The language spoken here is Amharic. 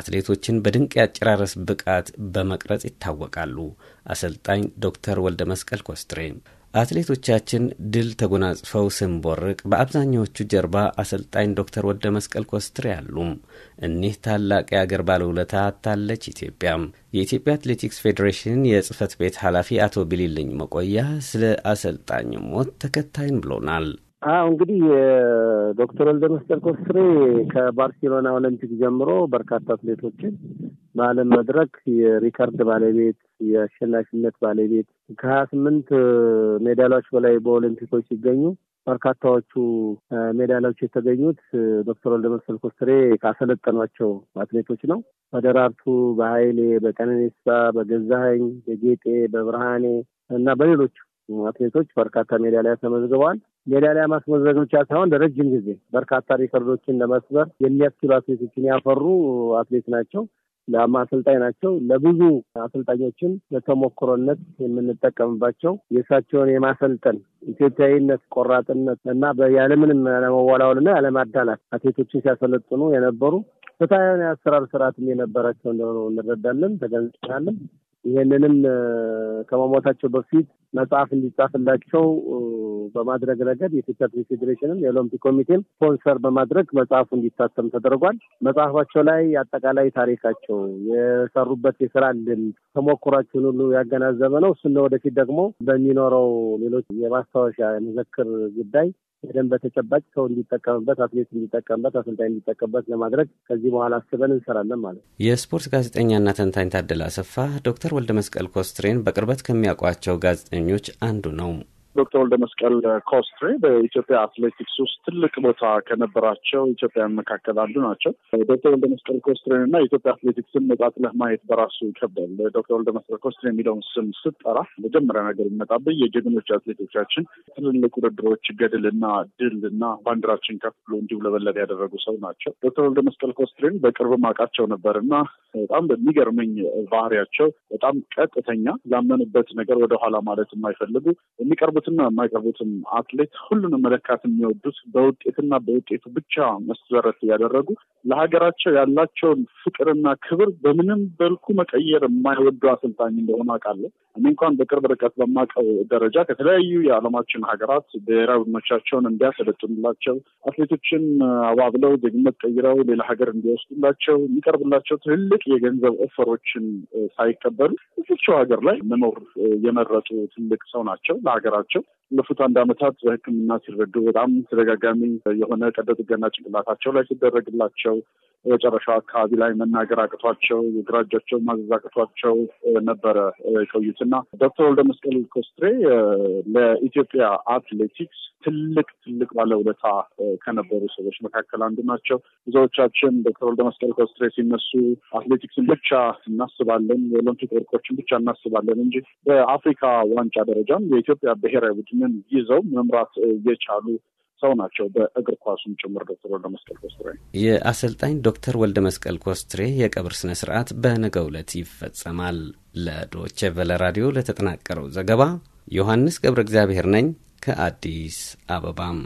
አትሌቶችን በድንቅ የአጨራረስ ብቃት በመቅረጽ ይታወቃሉ። አሰልጣኝ ዶክተር ወልደ መስቀል ኮስትሬ አትሌቶቻችን ድል ተጎናጽፈው ስንቦርቅ በአብዛኛዎቹ ጀርባ አሰልጣኝ ዶክተር ወልደ መስቀል ኮስትሬ አሉም። እኒህ ታላቅ የአገር ባለውለታ ታለች ኢትዮጵያም። የኢትዮጵያ አትሌቲክስ ፌዴሬሽን የጽህፈት ቤት ኃላፊ አቶ ቢሊልኝ መቆያ ስለ አሰልጣኝ ሞት ተከታይን ብሎናል። አዎ እንግዲህ ዶክተር ወልደ መስቀል ኮስትሬ ከባርሴሎና ኦሎምፒክ ጀምሮ በርካታ አትሌቶችን በዓለም መድረክ የሪከርድ ባለቤት የአሸናፊነት ባለቤት ከሀያ ስምንት ሜዳሊያዎች በላይ በኦሎምፒኮች ሲገኙ በርካታዎቹ ሜዳሊያዎች የተገኙት ዶክተር ወልደ መስቀል ኮስትሬ ካሰለጠኗቸው አትሌቶች ነው። በደራርቱ፣ በሀይሌ፣ በቀነኒሳ፣ በገዛኸኝ፣ በጌጤ፣ በብርሃኔ እና በሌሎቹ አትሌቶች በርካታ ሜዳሊያ ተመዝግበዋል። ሜዳሊያ ማስመዝገብ ብቻ ሳይሆን ለረጅም ጊዜ በርካታ ሪከርዶችን ለመስበር የሚያስችሉ አትሌቶችን ያፈሩ አትሌት ናቸው። አሰልጣኝ ናቸው። ለብዙ አሰልጣኞችም ለተሞክሮነት የምንጠቀምባቸው የእሳቸውን የማሰልጠን ኢትዮጵያዊነት፣ ቆራጥነት እና ያለምንም ያለመዋላወልና ያለማዳላት አትሌቶችን ሲያሰለጥኑ የነበሩ ፍትሐዊ የአሰራር ስርዓትም የነበራቸው እንደሆነ እንረዳለን፣ ተገንዝበናለን። ይሄንንም ከመሞታቸው በፊት መጽሐፍ እንዲጻፍላቸው በማድረግ ረገድ የኢትዮጵያ አትሌቲክስ ፌዴሬሽንም የኦሎምፒክ ኮሚቴም ስፖንሰር በማድረግ መጽሐፉ እንዲታተም ተደርጓል። መጽሐፋቸው ላይ አጠቃላይ ታሪካቸው፣ የሰሩበት የስራ ልምድ፣ ተሞክሯቸውን ሁሉ ያገናዘበ ነው። እሱን ወደፊት ደግሞ በሚኖረው ሌሎች የማስታወሻ የመዘክር ጉዳይ በደንብ በተጨባጭ ሰው እንዲጠቀምበት አትሌት እንዲጠቀምበት አሰልጣኝ እንዲጠቀምበት ለማድረግ ከዚህ በኋላ አስበን እንሰራለን ማለት ነው። የስፖርት ጋዜጠኛና ተንታኝ ታደለ አሰፋ ዶክተር ወልደ መስቀል ኮስትሬን በቅርበት ከሚያውቋቸው ጋዜጠኞች አንዱ ነው። ዶክተር ወልደ መስቀል ኮስትሬ በኢትዮጵያ አትሌቲክስ ውስጥ ትልቅ ቦታ ከነበራቸው ኢትዮጵያን መካከል አንዱ ናቸው። ዶክተር ወልደ መስቀል ኮስትሬን እና የኢትዮጵያ አትሌቲክስን ነጣጥለህ ማየት በራሱ ይከብዳል። ዶክተር ወልደ መስቀል ኮስትሬ የሚለውን ስም ስትጠራ መጀመሪያ ነገር ይመጣብኝ የጀግኖች አትሌቶቻችን ትልልቅ ውድድሮች ገድልና ድል እና ባንዲራችን ከፍ ብሎ እንዲውለበለብ ያደረጉ ሰው ናቸው። ዶክተር ወልደ መስቀል ኮስትሬን በቅርብ ማውቃቸው ነበር እና በጣም በሚገርመኝ ባህሪያቸው በጣም ቀጥተኛ ላመኑበት ነገር ወደኋላ ማለት የማይፈልጉ የሚቀርቡ የሚያቀርቡትና የማይቀርቡትም አትሌት ሁሉንም መለካት የሚወዱት በውጤትና በውጤቱ ብቻ መሰረት እያደረጉ ለሀገራቸው ያላቸውን ፍቅርና ክብር በምንም በልኩ መቀየር የማይወዱ አሰልጣኝ እንደሆነ አውቃለሁ። እኔ እንኳን በቅርብ ርቀት በማውቀው ደረጃ ከተለያዩ የዓለማችን ሀገራት ብሔራዊ ቡድኖቻቸውን እንዲያሰለጥኑላቸው አትሌቶችን አባብለው ዜግነት ቀይረው ሌላ ሀገር እንዲወስዱላቸው የሚቀርብላቸው ትልልቅ የገንዘብ ኦፈሮችን ሳይቀበሉ እዚቸው ሀገር ላይ መኖር የመረጡ ትልቅ ሰው ናቸው ለሀገራቸው ባለፉት አንድ ዓመታት በሕክምና ሲረዱ በጣም ተደጋጋሚ የሆነ ቀዶ ጥገና ጭንቅላታቸው ላይ ሲደረግላቸው መጨረሻው አካባቢ ላይ መናገር አቅቷቸው ግራ እጃቸውን ማዘዝ አቅቷቸው ነበረ የቆዩትና ዶክተር ወልደ መስቀል ኮስትሬ ለኢትዮጵያ አትሌቲክስ ትልቅ ትልቅ ባለውለታ ከነበሩ ሰዎች መካከል አንዱ ናቸው። ብዙዎቻችን ዶክተር ወልደ መስቀል ኮስትሬ ሲነሱ አትሌቲክስን ብቻ እናስባለን፣ የኦሎምፒክ ወርቆችን ብቻ እናስባለን እንጂ በአፍሪካ ዋንጫ ደረጃም የኢትዮጵያ ብሔራዊ ቡድንን ይዘው መምራት የቻሉ ሰው ናቸው። በእግር ኳሱም ጭምር ዶክተር ወልደ መስቀል ኮስትሬ የአሰልጣኝ ዶክተር ወልደ መስቀል ኮስትሬ የቀብር ስነ ስርዓት በነገ ዕለት ይፈጸማል። ለዶቼ ቨለ ራዲዮ ለተጠናቀረው ዘገባ ዮሐንስ ገብረ እግዚአብሔር ነኝ ከአዲስ አበባም